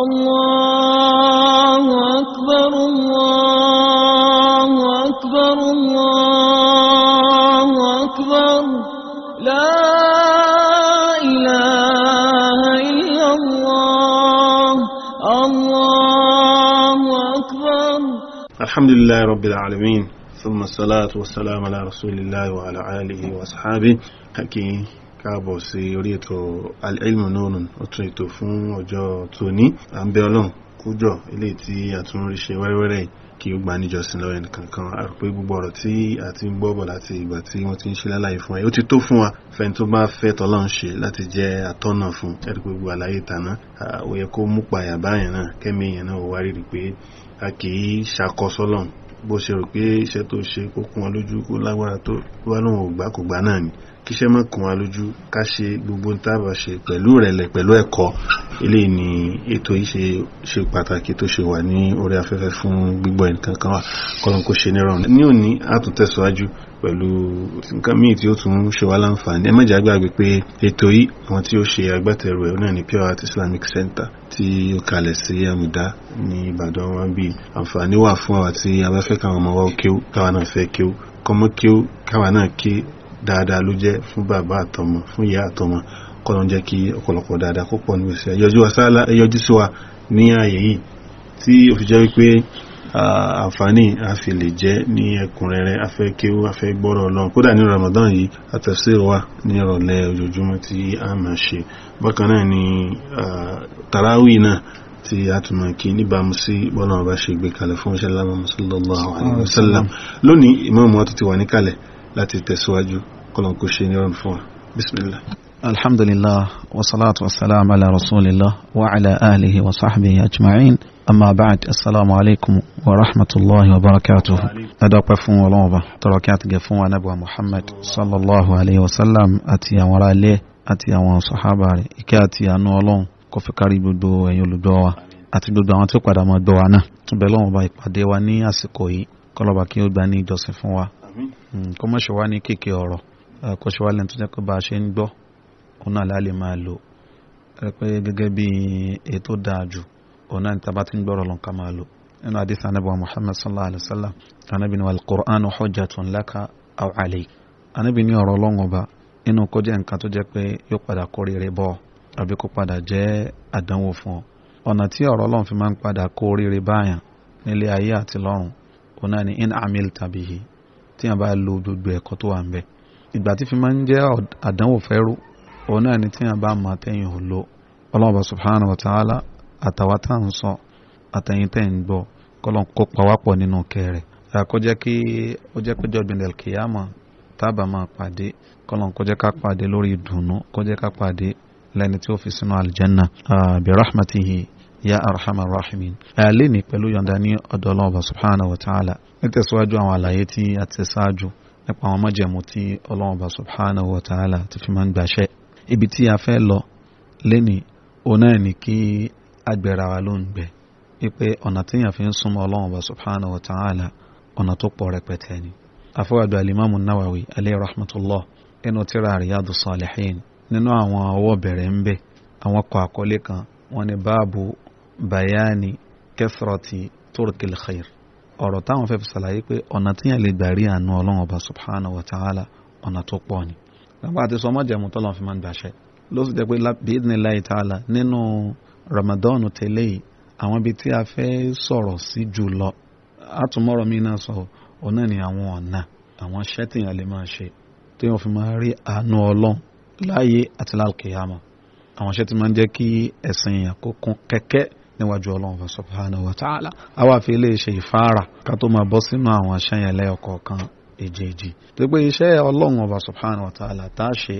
الله أكبر الله أكبر الله أكبر لا إله إلا الله الله أكبر الحمد لله رب العالمين ثم الصلاة والسلام على رسول الله وعلى آله وأصحابه حكيم káàbọ̀ sí orí ètò Al-Ilmu Nurun ọ̀tún ètò fún ọjọ́ tòní à ń bẹ ọlọ́run kújọ eléyìí tí a tún rí ṣe wẹ́rẹ́wẹ́rẹ́ kí ó gba níjọsìn lọ́wọ́ ẹnìkankan a rò pé gbogbo ọ̀rọ̀ tí a ti ń gbọ́ bọ̀ láti ìgbà tí wọ́n ti ń ṣe láláyé fún ẹ ó ti tó fún wa fẹ́ni tó bá fẹ́ tọ́lọ́run ṣe láti jẹ́ atọ́nà fún ẹ̀rí pé gbogbo àlàyé tàná ó yẹ kó mú payà báyẹn náà kẹ́mi èèyàn náà wá rí rí pé a kì í ṣàkọsọ́lọ́run bó ṣe rò pé iṣẹ́ tó ṣe kó kún wọn lójú kó lágbára tó wá lóun ò gbà kò gbà náà ni kíṣẹ́ má kún wa lójú ká ṣe gbogbo ń tábà ṣe pẹ̀lú ìrẹ̀lẹ̀ pẹ̀lú ẹ̀kọ́ eléyìí ni ètò yìí ṣe pàtàkì tó ṣe wà ní orí afẹ́fẹ́ fún gbígbọ́ nǹkan kan wà kọ́lọ́n kó ṣe ní rọrùn. ní òní a tún tẹ̀síwájú pẹ̀lú nǹkan míì tí ó tún ṣe wá láǹfààní ẹ má pé ètò yìí àwọn tí ó ṣe agbátẹrù ẹ̀ náà ni pure art islamic center tí ó kalẹ̀ sí àmùdá ní ìbàdàn wọn bí àǹfààní wà fún àwa tí a bá fẹ́ káwọn ọmọ wa kéwú káwa náà fẹ́ kéwú kọ́mọ́ kéwú káwa náà ké dáadáa ló jẹ́ fún bàbá àtọmọ fún ìyá àtọmọ kọ́nà jẹ́ kí ọ̀pọ̀lọpọ̀ dáadáa kó pọ̀ nígbèsè ẹ̀yọjú sí wa ní ààyè yìí tí ó fi jẹ́ wípé àǹfààní a fi lè jẹ́ ní ẹ̀kúnrẹ́rẹ́ afẹ́ kéwú afẹ́ gbọ́rọ̀ Ọlọ́run kódà ní Ramadan yìí àtẹ̀sí wa ní ìrọ̀lẹ́ ojoojúmọ́ tí a máa ṣe bákan náà ni tarawih náà tí a tún máa kí níbàámu sí bọ́lá ọba ṣe gbé kalẹ̀ fún ṣe lábàá sallallahu alaihi wasallam lónìí ìmáàmù wa tó ti wà níkàlẹ̀ láti tẹ̀síwájú kọ́lọ́n kò ṣe ní fún wa bismillah. alhamdulillah wa salatu wa salam ala rasulillah wa ala alihi wa sahbihi ajma'in. أما بعد السلام عليكم ورحمة الله وبركاته أدوك فون ولوبا تركات جفون نبوة محمد صلى الله عليه وسلم أتي وراء ليه أتي وراء صحابة إكا أتي أنو ألون كوفي قريب دو يولدوا أتي دو دوان تيو قدام دوانا تبلون با إقادي واني أسكوي kọlọba kí ó gba ní ìjọsìn fún wa kó mọ̀ ṣe wá ní kéèké ọ̀rọ̀ kó ṣe wá lẹ́nu tó jẹ́ pé bá a ṣe ń gbọ́ òun náà lálẹ́ máa lò rẹ pé gẹ́gẹ́ bí ètò dáa jù òun náà ní taba ti ń gbọ́rọ̀ lọ́n ká máa lò nínú àdìsá anábì wa muhammad sallallahu alayhi wa sallam anábì ni al-Qur'anu hujjatun laka aw alayk anábì ní ọ̀rọ̀ ọlọ́run ọba inú kó jẹ́ nǹkan tó jẹ́ pé yóò padà kórè rẹ bọ́ àbí kó padà jẹ́ àdánwò fún ọ ọ̀nà tí ọ̀rọ̀ ọlọ́run fi máa ń padà kórè rẹ báyàn nílé ayé àti lọ́run òun náà ni in amilta bihi tí yàn lo gbogbo ẹ̀kọ́ tó wà ń ìgbà tí fi máa ń jẹ́ àdánwò fẹ́rú òun náà ni tí yàn bá máa tẹ̀yìn ò lo ọlọ́run subhanahu wa ta'ala àtàwa tá à ń sọ àtẹ̀yìn tẹ̀ ń gbọ́ kọ́lọ́n kó pawápọ̀ nínú kẹrẹ̀ àkọ́jẹ́ kí ó jẹ́ pé jọ́gbìn elkiyama tábà máa pàdé kọ́lọ́n kọjẹ́ ká pàdé lórí ìdùnnú kọjẹ́ ká pàdé lẹ́ni tí ó fi sínú aljanna bi rahmatihi ya arhamar rahimin àlẹ́ ní pẹ̀lú yọ̀ǹda ní ọ̀dọ̀ ọlọ́ọ̀bà subhanahu wa ta'ala nítẹ̀síwájú àwọn àlàyé tí a ti ṣáájú nípa àwọn májẹ̀mú tí ọlọ́ọ̀bà subhanahu wa ta'ala ti fi máa ń gbàṣẹ́ ibi tí a fẹ́ lọ lẹ́ni òun náà ni kí agbèrè wa ló ń gbẹ wípé ọ̀nà tíyàn fi ń súnmọ́ ọlọ́run ọba subhanahu wa ta'ala ọ̀nà tó pọ̀ rẹpẹtẹ ni afọwọ́dọ̀ alimamu nawawi alayhi rahmatullah inú tíra riyadu salihin nínú àwọn ọwọ́ bẹ̀rẹ̀ ń bẹ àwọn kọ àkọlé kan wọ́n ní báàbù bayani kẹsìrọ̀tì turkil khair ọ̀rọ̀ táwọn fẹ́ fi ṣàlàyé pé ọ̀nà tíyàn lè gbà rí àánú ọlọ́run ọba subhanahu wa ta'ala ọ̀nà tó pọ̀ ni nígbà tí sọmọ́jẹ̀mú tọ́lọ́ fi máa ń gbàṣẹ ló sì jẹ́ pé bíi láì ta'ala nínú Ramadan tẹ́lẹ̀ yìí àwọn ibi tí a fẹ́ sọ̀rọ̀ sí jù lọ àtúmọ̀rọ̀ mi náà sọ òun náà ni àwọn ọ̀nà àwọn iṣẹ́ tí èèyàn lè máa ṣe tí wọ́n fi máa rí àánú ọlọ́run láàyè àti lálùkìyàmọ̀ àwọn iṣẹ́ tí máa ń jẹ́ kí ẹ̀sìn èèyàn kó kún kẹ́kẹ́ níwájú ọlọ́run subhanahu wa ta'ala àwa fi lè ṣe ìfáàrà ká tó máa bọ́ sínú àwọn iṣẹ́ yẹn lẹ́yọkọ̀ọ̀kan èjèèjì tó pé iṣẹ́ ọlọ́run ọba subhanahu wa ta'ala tá a ṣe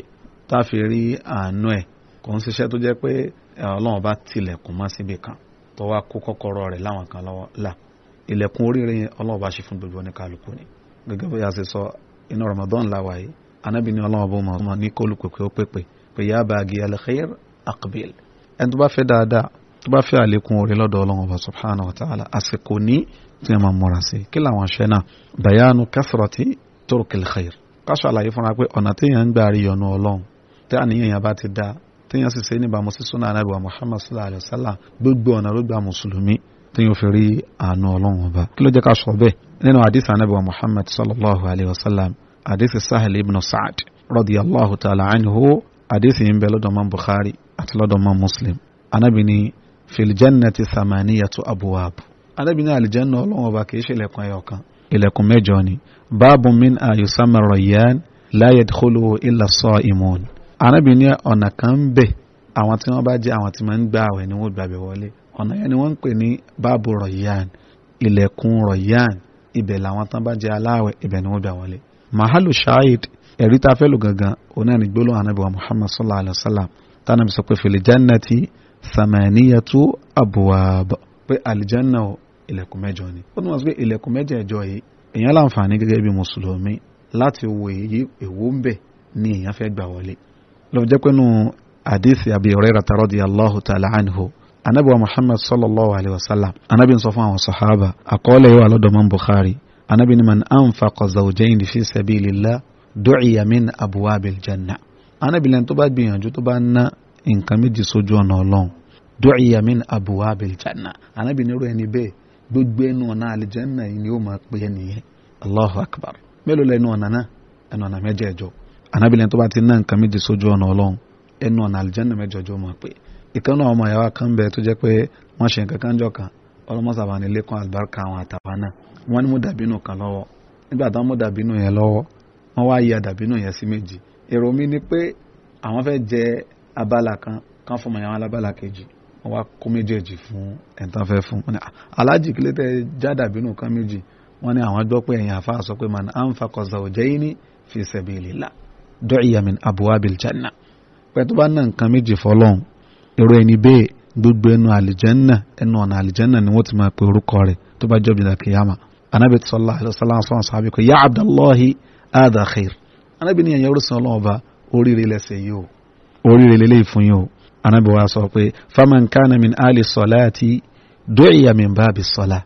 tá a fi rí àánú ẹ̀ kò ń ṣiṣẹ́ tó jẹ́ pé ọlọ́run bá tilẹ̀kùn mọ́ síbi kan tó wá kó kọ́kọ́rọ́ rẹ̀ láwọn kan lọ́wọ́ là ilẹ̀kùn oríire yẹn ọlọ́run bá ṣe fún gbogbo oníkálukú ni gẹ́gẹ́ bí a ṣe sọ inú Ramadan làwà yìí anábì ní ọlọ́run bó mọ̀ ní kólu pèpè ó pèpè pé yá bàgì alkhair aqbil ẹni tó bá fẹ́ dáadáa tó bá fẹ́ àlékún orí lọ́dọ̀ ọlọ́run ọba subhanahu wa ta'ala àsìkò ní tí wọ́n máa múra sí kí làwọn ṣẹ́ náà bayanu kathrati turkil khair ká ṣàlàyé fúnra pé ọ̀nà téèyàn ń gbà rí yọnu ọlọ́run tí àníyàn yẹn bá ti dáa téèyàn sì ṣe níbàámu sí súnà anábìwá muhammad sallallahu alayhi wa sallam gbogbo ọ̀nà ló gba mùsùlùmí téèyàn fi rí àánú ọlọ́run ọba kí ló jẹ́ ká sọ bẹ́ẹ̀ nínú àdìsí anábìwá muhammad sallallahu alayhi wa sallam àdìsí sahel ibn sa'ad radiyallahu ta'ala anhu àdìsí yìí ń bẹ lọ́dọ̀ mọ́ bukhari àti lọ́dọ̀ mọ́ muslim anábì ni filjannati samaniyatu abuwaab anábì ní àlìjánná ọlọ́run ọba kì í ṣe ilẹ̀kùn ẹyọ arábìnrin ní ọ̀nà kan ń bẹ̀ àwọn tí wọ́n bá jẹ́ àwọn tí máa ń gba àwẹ̀ ni wọ́n gbàgbé wọlé ọ̀nà yẹn ni wọ́n ń pè ní báàbù rọ̀yàn ilẹ̀kùn rọ̀yàn ibẹ̀ làwọn tán bá jẹ́ aláwẹ̀ ibẹ̀ ni wọ́n gbà wọlé mahalu shahid ẹ̀rí tá a fẹ́ lò gangan òun náà ni gbólóhùn anábì wa muhammad sallallahu alayhi wa sallam tánà bí sọ pé fil jannati samaniyatu abwab pé àlìjánná o ilẹ̀kùn mẹ́jọ ni ó túmọ̀ sí pé ilẹ̀kùn mẹ́jọ ẹ̀jọ yìí èèyàn láǹfààní gẹ́gẹ́ bí mùsùlùmí láti wo èwo ń bẹ̀ ni èèyàn fẹ́ gbà wọlé lọ́wọ́ jẹ́ pẹ́nu àdéhìsì àbí ọ̀rẹ́ rata radiyallahu ta'ala anhu anabi wa muhammad sallallahu alayhi wa sallam anabi ń sọ fún àwọn sahaba àkọọ́lẹ̀ yìí wà lọ́dọ̀ mọ́ bukhari anabi ni man anfaqa zawjayn fi sabilillah du'iya min abwabil janna anabi lẹ́ni tó bá gbìyànjú tó bá ná nǹkan méjì sójú ọ̀nà ọlọ́run du'iya min abwabil janna anabi nírò ẹni bẹ́ẹ̀ gbogbo ẹnu ọ̀nà àlìjẹ́nà yìí ni ó máa pè é nìyẹn allahu akbar mélòó lẹ́nu ọ̀nà náà ẹnu ọ̀nà mẹ́jẹ̀ẹ̀jọ anábìlẹ̀ tó bá ti ná nǹkan méje sójú ọ̀nà ọlọ́run ẹnu ọ̀nà àlìjẹ́nà mẹ́jọjọ́ mọ̀ pé ìkan náà ọmọ ìyàwó kan bẹ tó jẹ́ pé wọ́n ṣe nǹkan kan jọ kan ọlọ́mọsàbà ní lẹ́kùn àlùbáríkà àwọn àtàwọn náà wọ́n ní mú dàbínú kan lọ́wọ́ nígbà táwọn mú dàbínú yẹn lọ́wọ́ wọ́n wá ya dàbínú yẹn sí méjì èrò mi ni pé àwọn fẹ́ jẹ abala kan kan fún ọmọọyàwó alábala kejì wọ́n wá kó méjèèjì fún ẹ̀ńtàn fẹ́ ní àwọn gbọ́ pé ẹ̀yìn àfa sọ pé man anfaqa zawjayni fi sabilillah du'iya min abwabil janna pẹ̀tù bá náà nǹkan méjì fọlọ́hún èrò ẹni bẹ́ẹ̀ gbogbo ẹnu àlìjẹ́nà ẹnu ọ̀nà àlìjẹ́nà ni wọ́n ti máa pe orúkọ rẹ̀ tó bá jọ́ bìlà kìyàmà anábì sallallahu alaihi wasallam sọ̀rọ̀ sọ̀rọ̀ àbíkọ yá abdullahi ada khair anábì ní ẹ̀yẹ orúsàn ọlọ́run ọba oríire lẹ́sẹ̀ yìí o oríire lélẹ́yìí fún yìí o anábì wa sọ pé faman kana min ali salati du'iya min babi sọlá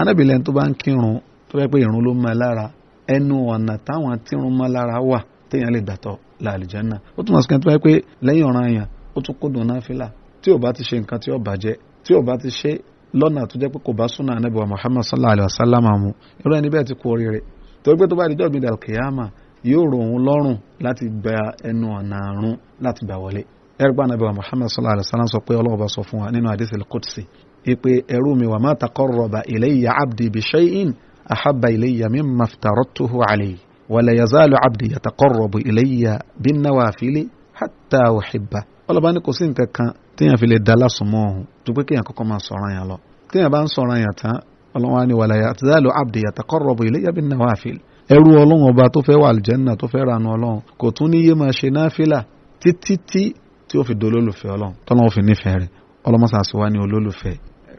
anábì lẹ́ni tó bá ń kírun tó bá pé ló máa lára ẹnu ọ̀nà táwọn tírun máa lára wà téèyàn lè gbàtọ̀ làlìjánà ó túmọ̀ sí kan tó bá yẹ pé lẹ́yìn ọ̀ràn èèyàn ó tún kó dùn náfìlà tí ò bá ti ṣe nǹkan tí ó bàjẹ́ tí ò bá ti ṣe lọ́nà tó jẹ́ pé kò bá súnà ànábì wa Muhammad sallallahu alayhi wa sallam mu irú ẹni bẹ́ẹ̀ ti kú oríire torí pé tó bá dijọ́ gbìndà kìyàmà yóò rọ̀ òun lọ́rùn láti gba ẹnu ọ̀nà àrùn láti gbà wọlé ẹ̀rọ̀gbọ́n ànábì wa Muhammad sallallahu ولا يزال abdi يتقرب ilayya بالنوافل حتى أحبه. uhibba ọlọ́ba ní kò sí nǹkan kan téèyàn fi lè da lásùnmọ́ ọ̀hún tó pé kéèyàn kọ́kọ́ máa sọ̀rọ̀ yẹn lọ téèyàn bá ń sọ̀rọ̀ yẹn tán ọlọ́wọ́n á ní wala yazalu abdi yataqarrabu ilayya bin nawafili ẹrú ọlọ́run ọba tó fẹ́ wà àlùjẹ́nà tó fẹ́ ranu ọlọ́run kò tún ní yé máa ṣe náfìlà títí tí tí ó fi dolólùfẹ́ ọlọ́run tọ́lọ́run fi nífẹ̀ẹ́ rẹ̀ ọlọ́mọsàsì wa ní olólùfẹ́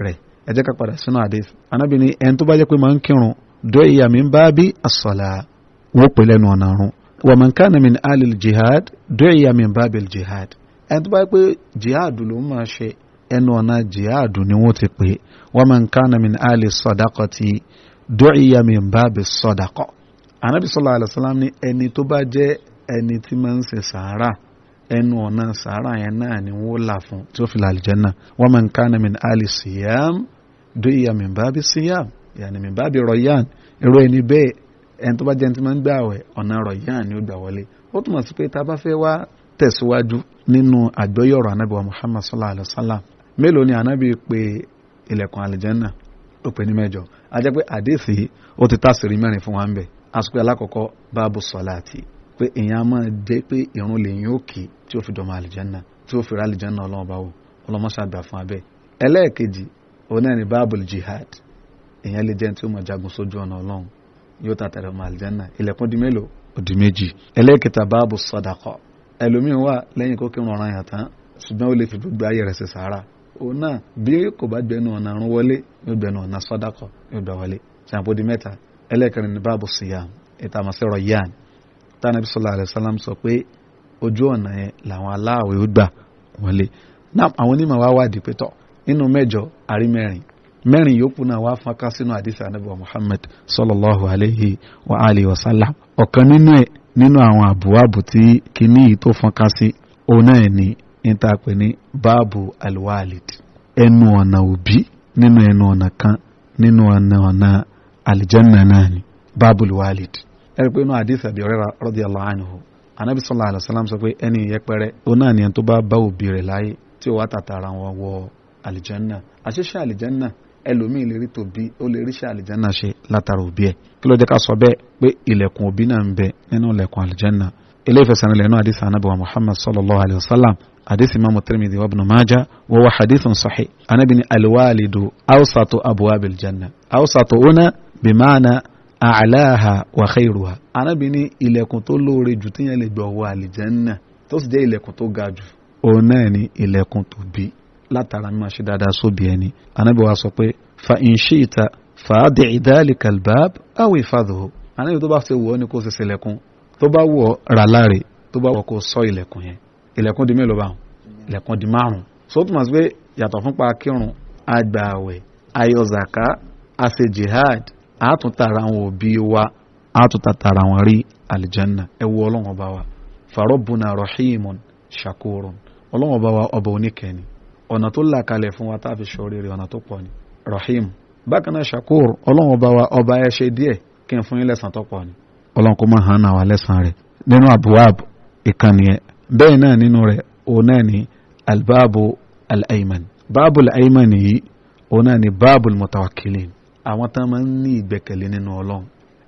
rẹ̀ ẹ ká padà sínú àdéhùn anábìnrin ẹni tó bá jẹ́ pé máa ń kírun dọ́ ìyá mi ń bá bí àsọ̀là wọ́n pè lẹ́nu ọ̀nà ọ̀run wa man kana min alil jihad du'iya min babil jihad ẹni tó bá pé jihad ló ń máa ṣe ẹnu ọ̀nà jihad ni wọ́n ti pè wa man kana min alil sadaqati du'iya min babil sadaqa anabi sallallahu alayhi ni ẹni tó bá jẹ́ ẹni tí máa ń ṣe sàárà ẹnu ọ̀nà sàárà yẹn náà ni wọ́n là fún tí ó fi lọ àlìjánnà wa man kana min alil siyam du'iya min babil siyam yàní min babil rayyan irú ẹni bẹ́ẹ̀ ẹni tó bá jẹ́ ẹni tó máa ń gbà wẹ̀ ọ̀nà ọ̀rọ̀ yáà ni ó gbà wọlé ó túmọ̀ sí pé tá a bá fẹ́ wá tẹ̀síwájú nínú àgbọ́yọ̀rọ̀ anábì wa muhammad sallallahu alayhi wa sallam mélòó ni anábì pè ilẹ̀kùn àlìjẹ́nà ó pè ní mẹ́jọ a jẹ́ pé àdéhìí ó ti tásìrí mẹ́rin fún wa ń bẹ̀ àsìkò alákọ̀ọ́kọ́ báàbù sọ̀láàtì pé èèyàn á máa jẹ́ pé ìrun lèyìn òkè tí ó fi dọ̀mọ àlìjẹ́nà tí ó fi rà àlìjẹ́nà ọlọ́run bá wò ọlọ́mọṣàgbà fún abẹ́ ẹlẹ́ẹ̀kejì òun náà jihad èèyàn lè jẹ́ tí ó máa jagun sójú ọ̀nà ọlọ́run yóò tàtàrà ọmọ àlìjánà ilẹ̀kùn di mélòó ó di méjì ẹlẹ́ẹ̀kẹta báàbù sọ̀dàkọ̀ ẹlòmíín wà lẹ́yìn kó kírun ọ̀ràn yàn tán ṣùgbọ́n ó lè fi gbogbo ayé rẹ̀ ṣe sàárà òun náà bí kò bá gbẹnu ọ̀nà àrùn wọlé yóò gbẹnu ọ̀nà sọ̀dàkọ̀ yóò gbà wọlé ṣàǹpó di mẹ́ta ẹlẹ́ẹ̀kẹrin ní báàbù siyam ìtàmọ̀sẹ̀ rọ̀yàn tánàbí sallallahu alaihi wasallam sọ pé ojú ọ̀nà yẹn làwọn aláàwẹ̀ ó gbà wọlé náà àwọn onímọ̀ wá wádìí pé nínú mẹ́jọ àrí mẹ́rin yòókù náà wá fọ́nká sínú àdìsá anábọ̀ Muhammad sallallahu alayhi wa alihi wa sallam ọ̀kan nínú ẹ̀ nínú àwọn àbúwàbù tí kìíní yìí tó fọ́nká sí òun náà ni níta pè ní báàbù alwalid ẹnu ọ̀nà òbí nínú ẹnu ọ̀nà kan nínú ọ̀nà ọ̀nà alìjẹ́nà náà ni báàbù alwalid ẹ̀rí pé inú àdìsá bí ọ̀rẹ́ra radiyallahu anhu anábì sallallahu alayhi wa sallam sọ pé ẹni yẹpẹrẹ ẹlòmíì lè rí tòbí ó lè ríṣẹ́ àlìjánà ṣe látara òbí ẹ̀ kí ló jẹ́ ká sọ bẹ́ẹ̀ pé ilẹ̀kùn òbí náà ń bẹ nínú ilẹ̀kùn àlìjánà ilé ìfẹsẹ̀rinlẹ̀ náà àdìsí anábì wa muhammad sallallahu alayhi wa sallam àdìsí mamu tirmidhi wa ibn majah wa wa hadithun sahih anábì ni alwalidu awsatu abwabil janna awsatu una bimaana a'laha wa khayruha anábì ni ilẹ̀kùn tó lóore jù tíyẹn lè gbọ̀ wọ àlìjánà tó sì jẹ́ ilẹ̀kùn tó ga jù òun náà ni ilẹ̀kùn tòbí látara mímọ̀ ṣe dáadáa sóbi ẹni anábì wa sọ pé fa in shi'ta fàádìí dhalika albab aw ifadhu anábì tó bá fẹ́ wọ̀ ọ́ ni kó ṣe ṣẹlẹ̀kùn tó bá wọ̀ rà láre tó bá wọ̀ kó sọ ilẹ̀kùn yẹn ilẹ̀kùn di mélòó báwọn ilẹ̀kùn di márùn so tó pé yàtọ̀ fún kírun agbààwẹ̀ ayọ̀zàká àṣẹ jihad àtúntàrà àwọn òbí wa àtúntàtàrà àwọn rí àlìjánná ẹ wo ọlọ́run ọba wa farobuna rahimun shakurun ọlọ́run ọba wa ọba oníkẹ́ni ọ̀nà tó là kalẹ̀ fún wa tá a fi ṣoríire ọ̀nà tó pọ̀ ni rahim bákan náà shakur ọlọ́run ọba wa ọba ẹ ṣe díẹ̀ kí n fún yín lẹ́sàn tó pọ̀ ni ọlọ́run kó máa hàn náà wá lẹ́sàn rẹ̀ nínú abuab ìkànnì ẹ̀ bẹ́ẹ̀ náà nínú rẹ̀ òun náà ni albaabu al-ayman baabu al yìí òun náà ni baabu al àwọn tán máa ń ní ìgbẹ́kẹ̀lé nínú ọlọ́run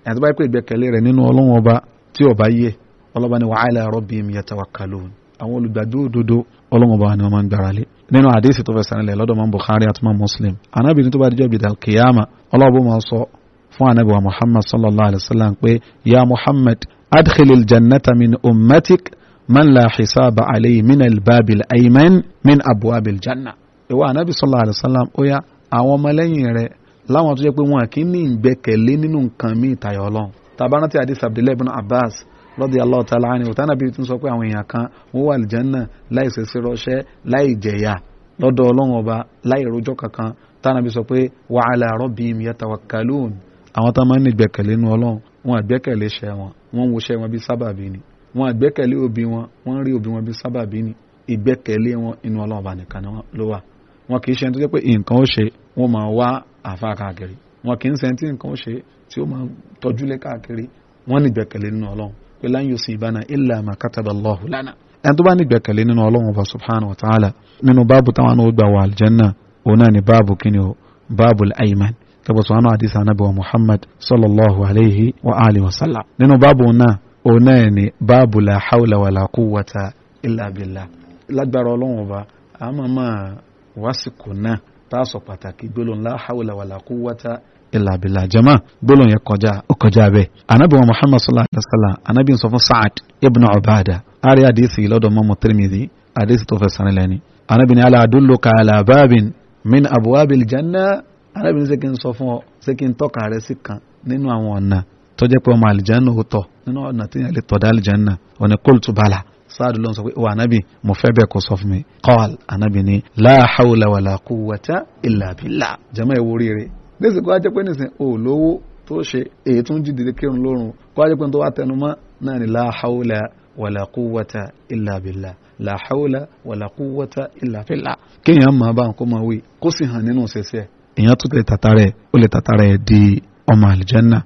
ẹni tó bá yẹ pé ìgbẹ́kẹ̀lé rẹ̀ nínú ọlọ́run ọba tí ọba yẹ ọlọ́ba ni wa ala rabbihim àwọn olùgbàdo òdodo ọlọ́run ọba ni wọ́n máa ń gbára lé nínú àdéhìsì tó fẹsẹ̀ nílẹ̀ lọ́dọ̀ máa ń Bukhari àti máa Muslim anábìrin tó bá dijọ́ bìdà kìyàmà ọlọ́ọ̀bù máa sọ fún anábì wa Muhammad sallallahu alayhi wa sallam pé ya Muhammad adkhilil jannata min ummatik man la xisaba alayhi min albabil ayman min abuabil janna ìwà anábì sallallahu alayhi wa sallam ó yá àwọn ọmọlẹ́yìn rẹ̀ láwọn tó jẹ́ pé wọn kì í ní ìgbẹ́kẹ̀lé nínú nǹkan míì tayọ ọlọ́run tabarantí radiyallahu ta'ala anhu òtá nàbí tún sọ pé àwọn èèyàn kan wọ́n wà àlìjánà láì ṣẹ̀ṣẹ̀ rọṣẹ́ láì jẹ̀yà lọ́dọ̀ ọlọ́run ọba láì rojọ́ kankan tánàbí sọ pé wa ala rabbihim yatawakkalun àwọn tá máa ń nígbẹ̀kẹ̀lé inú ọlọ́run wọn àgbẹ́kẹ̀lé ṣẹ́ wọn wọ́n ń woṣẹ́ wọn bí sábàbí ni wọn àgbẹ́kẹ̀lé òbí wọn wọ́n ń rí òbí wọn bí sábàbí ni ìgbẹ́kẹ̀lé wọn inú ọlọ́run ọba nìkan ló wà wọn kì í ṣe tó jẹ́ pé nǹkan ó ṣe wọ́n máa wá àfa káàkiri wọn kì í ṣe tí nǹkan ó ṣe tí ó máa tọ́júlé káàkiri wọ́n nígbẹ̀kẹ̀lé nínú ọlọ́run pé lan yusibana illa ma kataba Allahu lana. ẹni tó bá ní gbẹ̀kẹ̀lé nínú ọlọ́run ọba subhanahu wa ta'ala nínú báàbù táwọn àwọn gbà wà aljanna òun náà ni báàbù kíni o báàbù al-ayman tabbas wọn hadith anabi wa muhammad sallallahu alayhi wa alihi wa sallam nínú báàbù náà òun náà ni báàbù la hawla wa la quwwata illa billah lágbára ọlọ́run ọba àmọ́ máa wásìkò náà tá a sọ pàtàkì gbólóhùn la hawla wa la quwwata illa billah jama gbólóhùn yẹn kọjá ó kọjá bẹ́ẹ̀ anabi wa muhammad sallallahu alaihi wa sallam anabi sọ fún saad ibn ubada ari hadisi lọ́dọ̀ mọ́mọ́ tirmidhi hadisi tó fẹ́ sani lẹ́ni anabi ni ala adulluka ala babin min abuwabil janna anabi ni sẹ́kìn sọ fún ọ sẹ́kìn tọ́ka kan nínú àwọn ọ̀nà tó jẹ́ pé ọmọ àlìjáná ó tọ̀ nínú ọ̀nà tí yẹn lè tọ̀ dá àlìjáná ọ̀nà qultu bala sáàdù ló ń sọ pé wà ánábì mo fẹ́ bẹ́ẹ̀ kó sọ mi qal ánábì ni la hawla wala quwwata illa billah jama ìwúrí nísìn kó wá jẹ́ pé nísìn ò lówó tó ṣe èyí tó ń jí dìde kírun lórun kó wá jẹ́ pé tó wá tẹnu mọ́ náà ni láhàúlà wàlàkúwàtà ìlàbìlà láhàúlà wàlàkúwàtà ìlàbìlà kéèyàn máa bá nǹkó máa wí kó sì hàn nínú ṣẹṣẹ èèyàn tó lè tàtà rẹ ó lè tàtà rẹ di ọmọ àlìjánná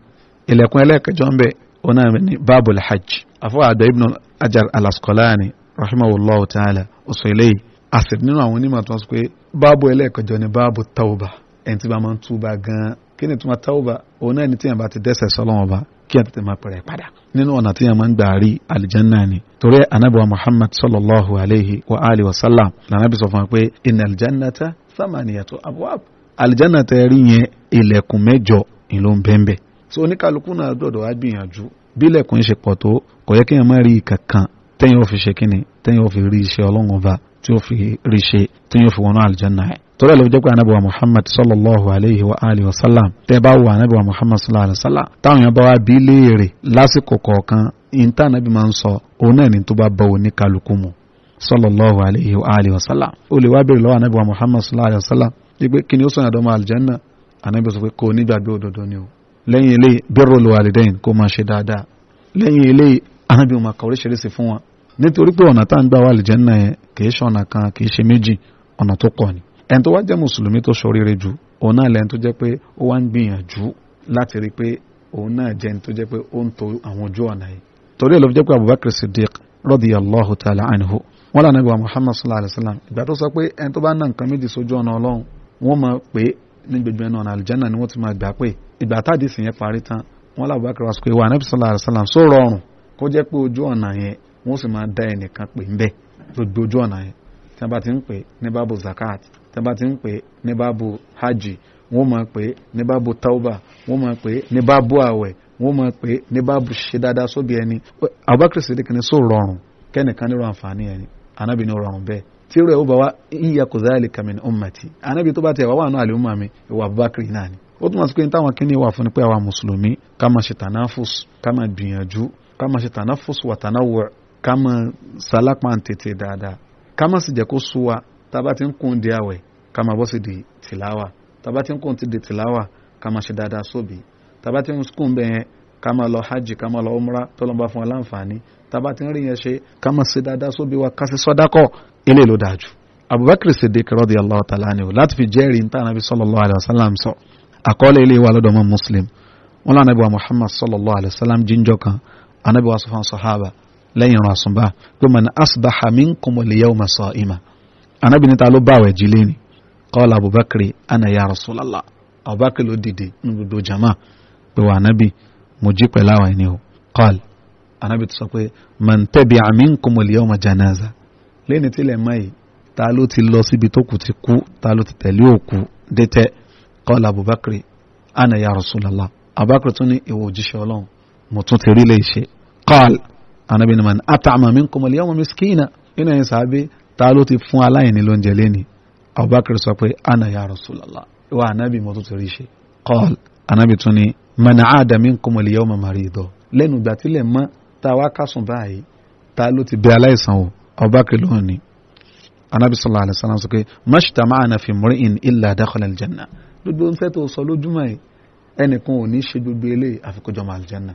ilẹ̀kùn ẹlẹ́ẹ̀kẹjọ ń bẹ ọ̀nà ní báàbù alhajj àfọwọ́ àgbà ibn ajar alaskolani rahimahullah ta'ala ọ̀sọ̀ ilé yìí nínú àwọn onímọ̀ tó ń sọ pé báàbù ẹlẹ́ẹ̀kẹjọ ni báàbù tawbah ẹni tí wọ́n máa ń túbà gan-an kí ni túmọ̀ tàwùbà òun náà ni tí yẹn bá ti dẹ́ṣẹ̀ sọ́lọ́wọ́n bá kí ẹ tètè máa pẹ̀rẹ̀ padà nínú ọ̀nà tí yẹn máa ń gbà rí àlìjánná ni torí anábìwá muhammad sallallahu alayhi wa alihi wa sallam lànàbì sọ fún wa pé ta àlìjánnata samaniyatu abwab àlìjánná tẹ rí yẹn ilẹ̀kùn mẹ́jọ ìlú bẹ́ẹ̀nbẹ́ so oníkàlùkù náà gbọ́dọ̀ wá gbìyànjú bí ilẹ̀kùn ṣe pọ̀ tó kò yẹ kí yẹn má rí kankan tẹ́yìn ó fi ṣe kíni tẹ́yìn ó torí ẹ̀lọ́ jẹ́ pé anábì muhammad sallallahu alayhi wa alihi wa sallam tẹ́ bá wo anábì muhammad sallallahu alayhi wa sallam táwọn èèyàn bá wá bí léèrè lásìkò kọ̀ọ̀kan ìta anábì máa ń sọ òun náà ní tó bá bọ̀ òní kálukú mu sallallahu alayhi wa alihi wa sallam ó lè wá béèrè lọ́wọ́ anábì muhammad sallallahu alayhi wa sallam wípé kí ni ó sọ̀rọ̀ àdọ́mọ aljanna anábì sọ pé kò ní gbàgbé òdodo ni o lẹ́yìn ilé birrul walidain kó máa ṣe dáadáa lẹ́yìn ilé anábì máa kà oríṣiríṣi fún wa nítorí pé ọ̀nà tá à ń gbà wà aljanna yẹn kì í ṣe ọ̀nà kan kì í ṣe méjì ọ̀nà tó pọ̀ ni ẹni tó wá jẹ́ mùsùlùmí tó ṣoríire jù òun náà lẹ́ni tó jẹ́ pé ó wá ń gbìyànjú láti rí pé òun náà jẹ́ ẹni tó jẹ́ pé ó ń tọ àwọn ojú ọ̀nà yìí torí ẹ̀ ló fi jẹ́ pé Abubakar Siddiq radiyallahu ta'ala anhu wọn lànà ìgbà Muhammad sallallahu alayhi wa sallam ìgbà tó sọ pé ẹni tó bá ná nǹkan méjì sójú ọ̀nà Ọlọ́run wọ́n máa pè ní gbogbo ẹnu ọ̀nà àlùjánà ni wọ́n ti máa gbà pé ìgbà táàdì sì yẹn parí tán wọn làwọn Abubakar wa sọ pé wà Ànábì sallallahu alayhi wa sallam só rọrùn kó jẹ́ pé ojú ọ̀nà yẹn wọ́n sì máa dá ẹnìkan pè ń bẹ̀ gbogbo ojú ọ̀nà yẹn tí wọ́n bá ti ń pè ní babu zakat tó bá ti ń pè ní báàbù hajj wọ́n máa pè ní báàbù tauba wọ́n máa pè ní báàbù àwẹ̀ wọ́n máa pè ní báàbù ṣe dáadáa sóbi ẹni Abubakar Siddiq ni sọ rọrùn kẹ́nìkan nírò àǹfààní ẹni anábì ní rọrùn bẹ́ẹ̀ tí rẹ̀ ó bá wá ìyá kò zalika min ummati anábì tó bá tẹ̀ wá wà náà àlùmọ́ mi ìwà Abubakar náà ni ó túmọ̀ sí pé ní táwọn kíní wà fún ni pé àwa mùsùlùmí ká máa ṣe tànáfùs ká máa gbìyànjú ká máa ṣe tànáfùs wà tànáwọ̀ ká Kama máa bọ́ sí di tìláwà tàbá tí ń kún ti di tìláwà kama máa ṣe dáadáa sóbì tàbá tí ń skún bẹ́ẹ̀ ká máa lọ hajj ká máa lọ umra tọ́lọ́mbà fún aláǹfààní tàbá tí ń rí yẹn ṣe ká ṣe dáadáa sóbì wa ká sì sọ́dákọ̀ ilé ló dáa jù. abubakar siddiq Allah ta'ala anhu láti fi jẹ́rìí níta anabi sallallahu alayhi wa sallam sọ àkọọ́lẹ̀ ilé wa lọ́dọ̀ mọ́ muslim wọn lọ anabi wa muhammad sallallahu alayhi wa sallam jíjọ kan anabi wa sọfọn sọhábà lẹ́yìn ìrun àsùnbà pé man asbaha minkum al-yawma sa'ima anabi níta ló bá àwẹ̀ jí lẹ́ni qala abubakar ana ya rasulallah abubakar ló dìde ní gbogbo jama pé wà nábì mo jí pẹ̀lú àwọn ẹni o qala anabi tó sọ pé man tabi'a minkum al-yawma janaza lẹ́ni tí lè má yìí ta ló ti lọ síbi tó kù ti kú ta ló ti tẹ̀lé òkú dẹ́tẹ́ qala abubakar ana ya rasulallah abubakar tún ní ìwọ òjíṣẹ́ ọlọ́run mo tún ti rí lè ṣe qala anabi ni man at'ama minkum al-yawma miskina nínú ẹ̀yìn sàábé ta ló ti fún aláìní lóúnjẹ lẹ́ni abubakar sọ pé ana ya rasulallah ìwà anabi mo tún ti rí ṣe qal anabi tún ni man aada minkum al yawma marido lẹ́nu ìgbà tílẹ̀ mọ́ tá a wá kásùn báyìí tá a ló ti bẹ aláìsàn o abubakar lóhùn ni anabi sallallahu alayhi wa sallam sọ pé mashita ma'ana fi muri'in illa dakhala al janna gbogbo ń fẹ́ tó sọ lójúmọ́ yìí ẹnìkan ò ní ṣe gbogbo eléyìí àfikọ́jọ́ máa aljanna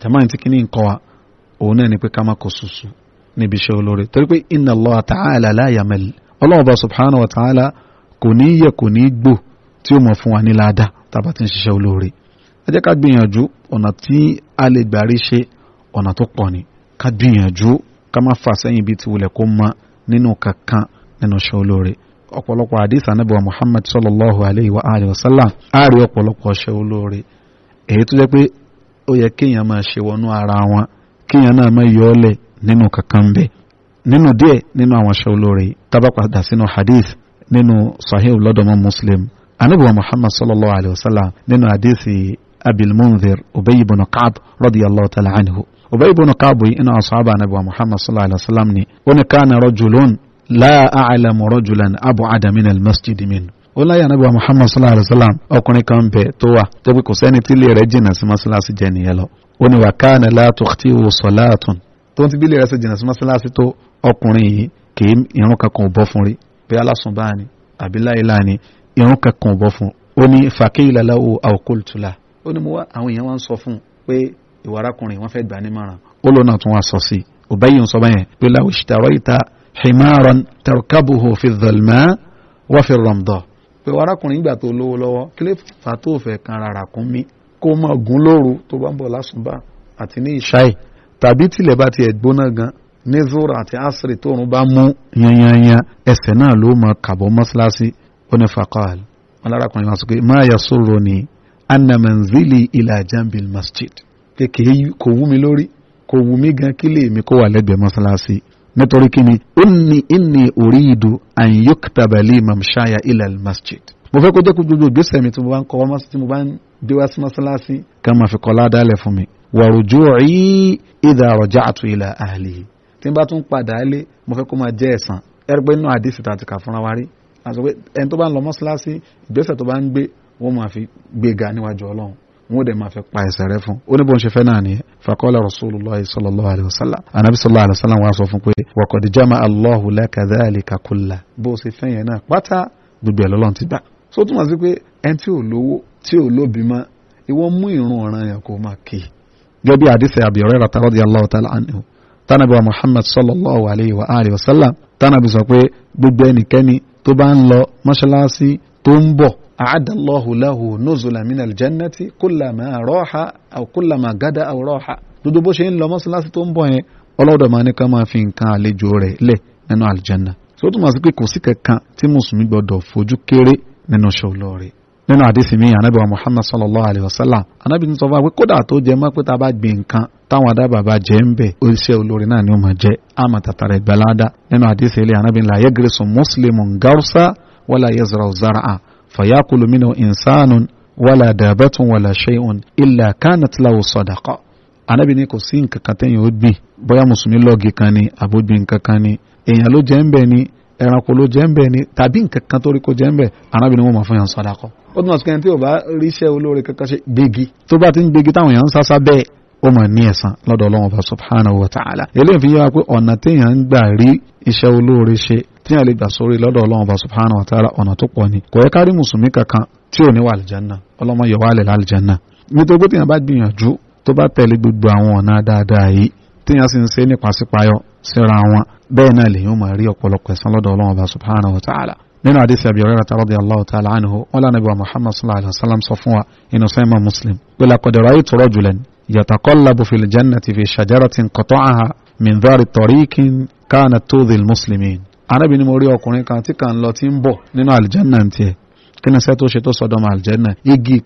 jama'a ti kíní nǹkan wa òun náà ni pé ká má kó susu níbi iṣẹ́ olóore torí pé inna Allah ta'ala la yamal ọlọ́run ọba subhanahu wa ta'ala kò ní yẹ kò ní gbò tí ó mọ̀ fún wa ní láàdá tàbá tí ń ṣiṣẹ́ olóore ẹ jẹ́ ká gbìyànjú ọ̀nà tí a lè gbà rí ṣe ọ̀nà tó pọ̀ ni ká gbìyànjú ká má fà sẹ́yìn bíi ti wulẹ̀ kó mọ nínú kankan nínú ṣe olóore ọ̀pọ̀lọpọ̀ àdìs anábìwá Muhammad sallallahu alayhi wa alihi wa sallam á rí ọ̀pọ̀lọpọ̀ ṣe olóore èyí tó jẹ́ pé ó yẹ kéèyàn máa ṣe wọnú ara wọn kéèyàn náà máa yọ ọ́ lẹ̀ nínú kankan bẹ́ẹ̀ nínú díẹ̀ nínú àwọn aṣọ olóore tábàpadà sínú hadith nínú sahih lọ́dọ̀mọ́ muslim anábìwá muhammad sallallahu alayhi wa sallam nínú hadithi abil munzir ubayi bin kaab radiyallahu ta'ala anhu ubayi bin kaab yìí inú asaaba anábìwá muhammad sallallahu alayhi wa sallam ni ó ní kaana rajulun la a'lamu rajulan abu'ada min al-masjid min ó láyé anábì wa muhammad sallallahu alayhi wa sallam ọkùnrin kan bẹ tó wà tó pé kò sẹ́ni tí ilé rẹ̀ jìnnà sí mọ́ṣáláṣí jẹ́ nìyẹn lọ ó ní wà káàní látò tí ò sọ láàtún tó jìnnà sí mọ́ṣáláṣí tó ọkùnrin yìí kìí irun kankan ò bọ́ fún rí bí alásùnbá ni àbí láìlá ni irun kankan ò bọ́ fún ó ní fàkíyìlá láwo àwòkólùtùlà ó ní mo wá àwọn èèyàn wá ń sọ fún un pé ìwà arákùnrin wọn fẹ́ gbà nímọ̀ràn ó lónà tún wá sọ sí i ò bá yìí ń sọ báyẹn pé láwo ṣìtàrọ́ ìta himaran tarkabuhu fi dhalma wa fi ramda pé ìwà arákùnrin gbà tó lówó lọ́wọ́ kílé fà tó fẹ́ kan rárá kún mi kó mọ̀ gún lóru tó bá ń bọ̀ lásùnbà àti ní ìṣáì tàbí tilẹ̀ bá tiẹ̀ gbóná gan ní zoro àti asiri tóorùn bá mú yanyanya ẹsẹ̀ náà ló máa kàbọ̀ mọ́ṣáláṣí ó ní faqal alárakùnrin náà sọ pé ma yasurruni anna manzili ila jambil masjid kékeré kò wú mi lórí kò wú mi gan kílè mi kó wà lẹ́gbẹ̀ẹ́ mọ́ṣáláṣí nítorí kíni inni inni uridu an yuktaba li mamshaya ila al masjid mo fẹ́ kó jẹ́ kó gbogbo ìgbésẹ̀ mi tí mo bá ń kọ́ tí mo bá ń dé wá sí mọ́ṣáláṣí ká máa fi kọ́ ládàá lẹ̀ fún mi wa ruju'i idha raja'tu ila ahlihi tí n bá tún padà lé mo fẹ́ kó máa jẹ́ ẹ̀san ẹ̀rí pé nínú àdìsí tá a ti kà fúnra wa rí a sọ pé ẹni tó bá ń lọ mọ́ṣáláṣí ìgbésẹ̀ tó bá ń gbé wọ́n máa fi gbéga níwájú ọlọ́run wọ́n dẹ̀ máa fẹ́ pa ẹ̀ṣẹ̀ rẹ̀ fún ó ní bó ń ṣe fẹ́ náà ni faqala rasulullah sallallahu alayhi wa sallam anabi sallallahu alayhi wa sallam wa sọ jama'a allahu laka dhalika kullahu bó ṣe fẹ́ yẹn náà pátá gbogbo ẹ̀ lọ́lọ́run ti gbà so túmọ̀ sí pé ẹni tí ò lówó tí ò lóbi mọ́ ìwọ mú ìrun ọ̀ràn yẹn kó máa kì gẹ́gẹ́ bí àdìsẹ́ àbí ọ̀rẹ́ rata radiyallahu ta'ala tánàbí wa muhammad sallallahu alayhi wa alihi wa sallam tánàbí sọ pé gbogbo ẹnikẹ́ni tó bá ń lọ mọ́ṣáláṣí tó ń bọ̀ àádọ́lọ́hù láhù nùzùlà mí nàl jẹ́nẹ́tì kúlàmà rọ́ọ̀ha kúlàmà gádà àwòrọ́ọ̀ha dúdú bó ṣe ń lọ mọ́ṣáláṣí tó ń bọ̀ yẹn ọlọ́dọ̀ máa ní ká máa fi nǹkan àlejò rẹ̀ lẹ̀ nínú àlìjẹ́nà tó túmọ̀ sí pé kò sí kankan tí mùsùlùmí gbọ́dọ̀ fojú kéré nínú ṣọlọ́ọ̀rẹ́ nínú àdìsí mi anabi wa muhammad sallallahu alayhi wa sallam anabi ní sọ fún wa pé kódà tó jẹ mọ́ pé tá a bá gbìn nǹkan táwọn adábà bá jẹ ń bẹ oṣiṣẹ olórin náà ni ó máa jẹ àmọ́ tàtàrà ìgbàládà nínú àdìsí ilé anabi la yagrisu muslimun garsa wala yazra'u zar'a fayakulu minhu insanun wala dabatun wala shay'un illa kanat lahu sadaqa anabi ní kò sí nǹkan kan téèyàn ó gbìn bóyá mùsùlùmí ó túnmọ̀ sí kẹ́ni tí ò bá ríṣẹ́ olóore kankan ṣe gbégi tó bá ti ń gbégi táwọn èèyàn ń sásá bẹ́ẹ̀ ó mọ̀ ní ẹ̀san lọ́dọ̀ ọlọ́run ọba subhanahu wa ta'ala eléyìí fi yé wa pé ọ̀nà téèyàn ń gbà rí iṣẹ́ olóore ṣe téèyàn lè gbà sórí lọ́dọ̀ ọlọ́run ọba subhanahu wa ta'ala ọ̀nà tó pọ̀ ni kò yẹ ká rí mùsùlùmí kankan tí ò ní wà àlìjánná ọlọ́mọ yọ̀ wá lè lálìjánná nítorí pé téèyàn bá gbìyànjú tó bá tẹ̀lé gbogbo àwọn ọ̀nà dáadáa yìí téèyàn sì ń ṣe nípa síra wọn bẹ́ẹ̀ náà lèyìn ó máa rí ọ̀pọ̀lọpọ̀ ẹ̀san lọ́dọ̀ ọlọ́run ọba subhanahu wa ta'ala nínú àdìsí Abi Hurairah radiyallahu ta'ala anhu wọn lánàá ibùdó Muhammad sallallahu alayhi wa sallam sọ fún wa inú sẹ́yìn Muslim pé laqad ra'aytu rajulan yataqallabu fil jannati fi shajaratin qata'aha min dhari tariqin kanat tudhi al-muslimin. arábì ni mo rí ọkùnrin kan tí kan lọ tí ń bọ̀ nínú àlìjánná tiẹ̀ kí ni sẹ́ tó ṣe tó sọdọ̀ mọ́ àlìjánná igi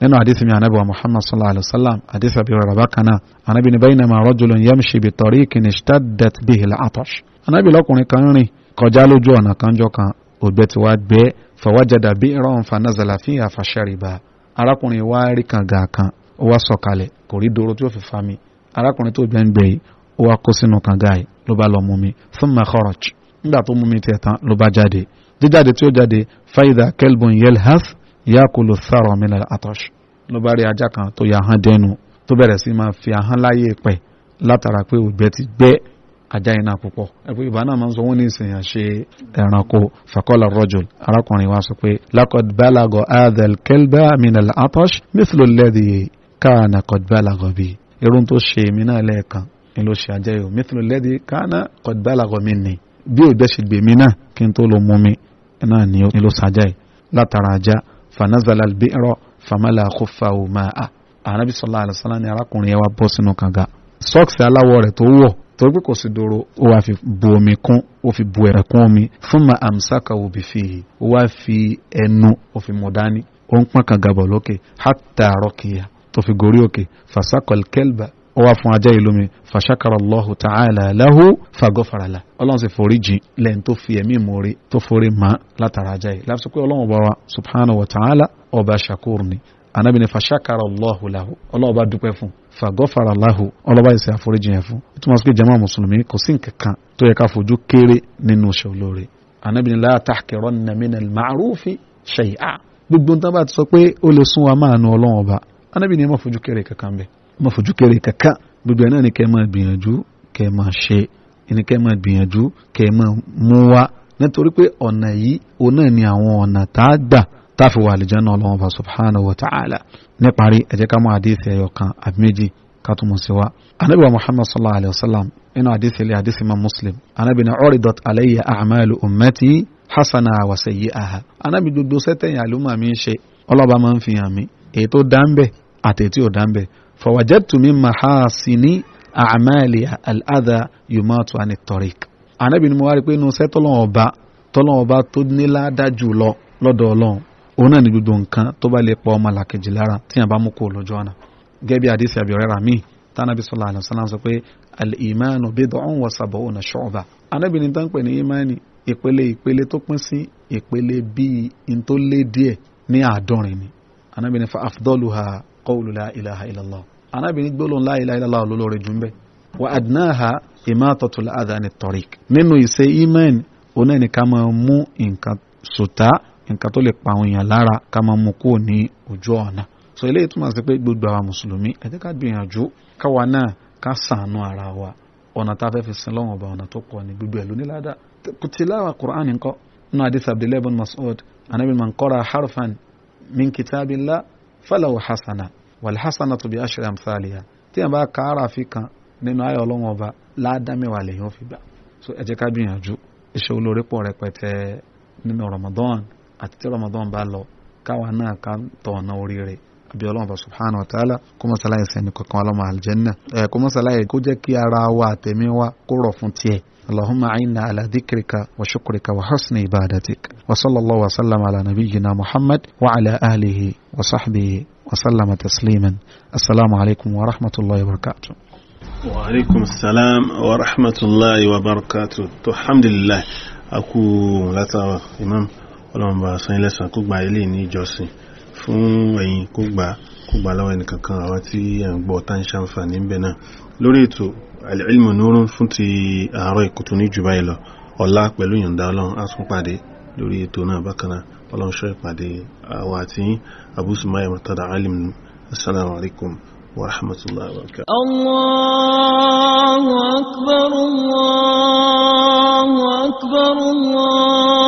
nínú àdìsí mi ànábì wa muhammad sallallahu alayhi wa sallam àdìsí àbí rẹ̀ bákanná ànábì ní baynama rajulun yamshi bi tariqin ishtaddat bihi al-atash. ànábì lọ́kùnrin kan rìn kọjá lójú ọ̀nà kanjọ́ kan ògbẹ́ ti wá gbẹ́ fawajada bi'ran fanazala fiha fashariba. arákùnrin wa rí kànga kan ó wá sọ̀kalẹ̀ kò rí doro tí ó fi fa mi arákùnrin tó gbẹ́ ń gbẹ́ yìí ó wá kó sínú kànga yìí ló bá lọ mú mi thumma nígbà tó mú mi tán ló bá jáde jíjáde tí ó jáde faida kelbun yelhath yakulu thara min al-atash ló bá rí ajá kan tó ya hán dẹnu tó bẹ̀rẹ̀ sí máa fi ahán láyé pẹ̀ látara pé ògbẹ́ ti gbẹ́ ajá iná púpọ̀ ẹ̀pọ̀ ìbá náà máa ń sọ wọ́n ní ìsìnyà ṣe ẹranko faqala ar-rajul arákùnrin wa sọ pé laqad balagha hadha al-kalba min al-atash mithlu alladhi kana qad balagha bi irun tó ṣe èmi náà lẹ́ẹ̀kan ni ló ṣe ajá yìí mithlu alladhi kana qad balagha minni bí ògbẹ́ ṣe gbèmí náà kí n tó lo mú mi náà ni ló ṣajá fanazala albi'ra famala khuffahu ma'a anabi sallallahu alaihi wasallam ni arákùnrin yẹn wá bọ́ sínú kànga sọ́ọ̀kì aláwọ̀ rẹ̀ tó wọ̀ torí pé kò sí dòrò ó wá fi bu omi kún ó fi bu ẹ̀rẹ̀ omi fún ma amsaka òbí fìhì ó wá fi ẹnu ó fi mú dání ó ń pọ́n kànga bọ̀ lókè hatta rọ́kìyà tó fi gorí òkè fasakọ̀l kẹ́lbà ó wá fún ajá ìlú mi fàṣàkàrà Allahu ta'ala lahu fagọ́farala ọlọ́run sì forí jìn lẹ́yìn tó fi ẹ̀mí ìmoore tó forí mọ́ látara ajá yìí láti pé ọlọ́run bá wa subhanahu wa ta'ala ọba shakur ni anabi ni fàṣàkàrà Allahu lahu ọlọ́run bá dúpẹ́ fún fagọ́fara láhù ọlọ́ba ìsẹ̀ àforíjì yẹn fún ó túmọ̀ sí pé jama mùsùlùmí kò sí nǹkan kan tó yẹ ká fojú kéré nínú iṣẹ́ olóore anabi ni la tahqiranna minal ma'rufi shay'a gbogbo nǹkan bá ti sọ pé ó lè sún wa máa nu ọlọ́run ọba anabi ni ẹ má fojú kéré kankan bẹ́ẹ̀ má fojú kéré kankan gbogbo ẹ̀ náà ni kẹ́ ẹ máa gbìyànjú kẹ́ ẹ máa ṣe ni kẹ́ ẹ máa gbìyànjú kẹ́ ẹ máa mú wá nítorí pé ọ̀nà yìí òun náà ni àwọn ọ̀nà tá a gbà tá a fi wà àlìjáná ọlọ́run bá subhanahu wa ta'ala níparí ẹ jẹ́ ká mú àdéhìí ẹ̀yọ̀ kan àbí méjì ká tún mú sí wa. anabi wa muhammad sallallahu alayhi wa sallam inú àdéhìí ilé àdéhìí ma muslim anabi na uridat alayya a'malu ummati hasana wa sayyi'aha anabi gbogbo sẹ́tẹ̀yìn àlùmọ̀ mi ń ṣe ọlọ́ba máa ń fi hàn mí èyí tó dá ń bẹ̀ àtẹ̀tí ò dá ń bẹ̀ fawajadtu min mahasini a'maliha al-adha yumatu ani tariq. ànábì ni mo wá rí i pé inú iṣẹ́ tọ́lọ́wọ́n ọba tọ́lọ́wọ́n ọba tó nílá dájú lọ lọ́dọ̀ ọlọ́run òun náà ni gbogbo nǹkan tó bá lè pa ọmọ làkejì lára tí yàn bá mú kó lójú ọ̀nà. gẹ́gẹ́ bí àdìsí àbí ọ̀rẹ́ rà míì tánàbí sallallahu alaihi wasallam sọ pé al-imanu bid'un wa sab'una shu'ba. ànábì ni tán pè ní ìmánì ìpele ìpele tó pín sí ìpele bíi ntólé díẹ̀ ní àádọ́rin ni ànábì ni fa afdaluha قول لا إله إلا الله أنا la لا إله إلا الله ń bẹ وأدناها adnaha imatatu al-adha ni tariq nínú ìṣe imen oní ẹni ká máa mú nǹkan sùtá nǹkan tó lè pa àwọn èèyàn lára ká máa mú kúrò ní ojú ọ̀nà so eléyìí túmọ̀ sí pé gbogbo àwọn mùsùlùmí ẹ jẹ́ ká gbìyànjú káwa náà ká ṣàánú ara wa ọ̀nà tá a fẹ́ fi sin lọ́wọ́n ọba ọ̀nà tó pọ̀ ní gbogbo ẹ̀lú níláàdá kùtìláwà Qur'an nǹkan nínú hadith Abdullahi bin Mas'ud anabi man harfan min kitabillah fọlọ́wọ́ hasana wàlẹ́ hasana tó bí aṣọ àmfàlìyà tí yẹn bá ka aráàfin kan nínú ayọ̀ ọlọ́wọ́n ọba ládàmẹ́wàá lèyàn fi gbà so ẹ jẹ́ ká gbìyànjú iṣẹ́ olóore pọ̀ rẹpẹtẹ nínú Ramadan àti tí Ramadan bá lọ káwa náà ká tọ̀ ọ̀nà oríire àbí ọlọ́run bá subhanahu wa ta'ala kó mọ́sálàyé sẹ́ni kankan ọlọ́mọ àlìjẹ́nà ẹ̀ kó mọ́sálàyé kó jẹ́ kí ara wa àtẹ̀mí wa kó rọ̀ fún tiẹ̀ اللهم اعنا على ذكرك وشكرك وحسن عبادتك وصلى الله وسلم على نبينا محمد وعلى آله وصحبه وسلم تسليما السلام عليكم ورحمة الله وبركاته وعليكم السلام ورحمة الله وبركاته الحمد لله أكو لا إمام ọlọ́run bá san ilẹ̀sàn kó gba ilé ní ìjọsìn fún ẹ̀yin kó gba kó gba lọ́wọ́ ẹnìkankan àwọn tí à ń gbọ́ tá ń ṣàǹfààní ń náà lórí ètò العلم نور فنتي أهاري كتوني جبايلا الله بلو يندالان أسمو قادي لوري تونا بكنا الله شوي قادي أواتي أبو سماية مرتد عالم السلام عليكم ورحمة الله وبركاته الله أكبر الله أكبر الله